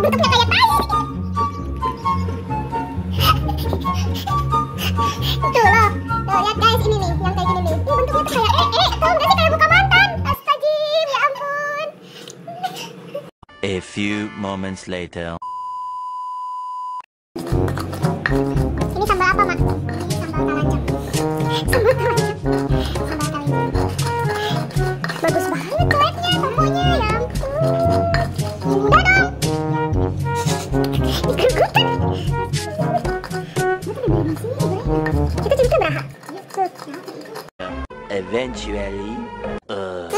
bentuknya kayak tuh loh lihat guys ini nih yang kayak nih bentuknya kayak ee kayak ya ampun a few moments later actually. Uh.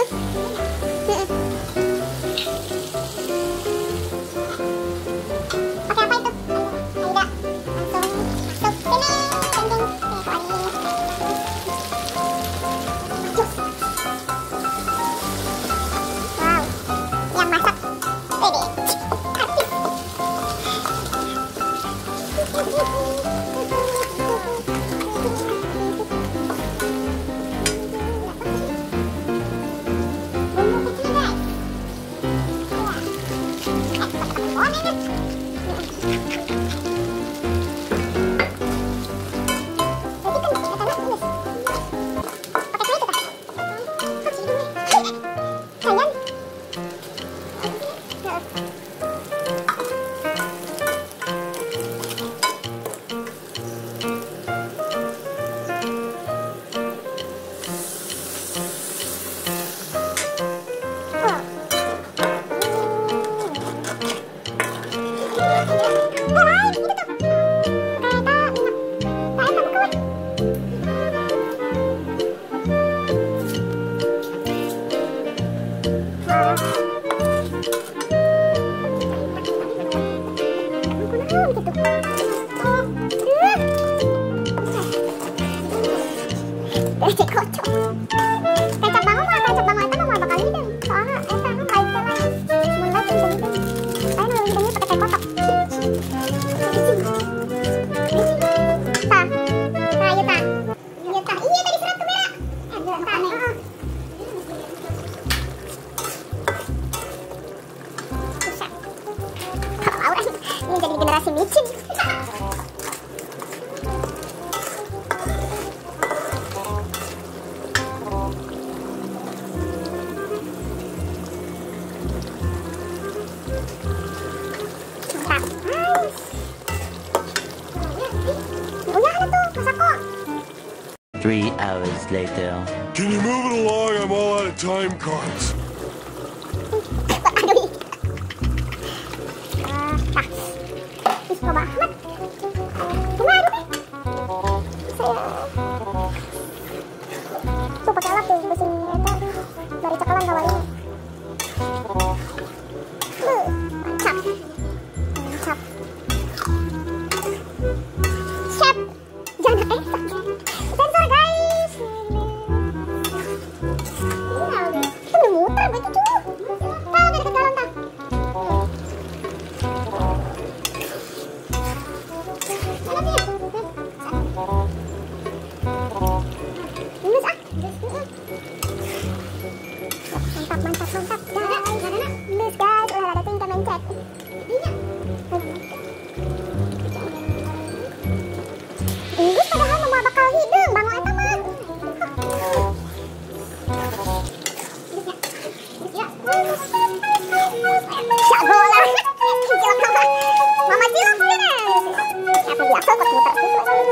It's a Three hours later. Can you move it along? I'm all out of time cards. 下锅了，妈妈接我回来。妈妈接我回来呢，看我地丫头不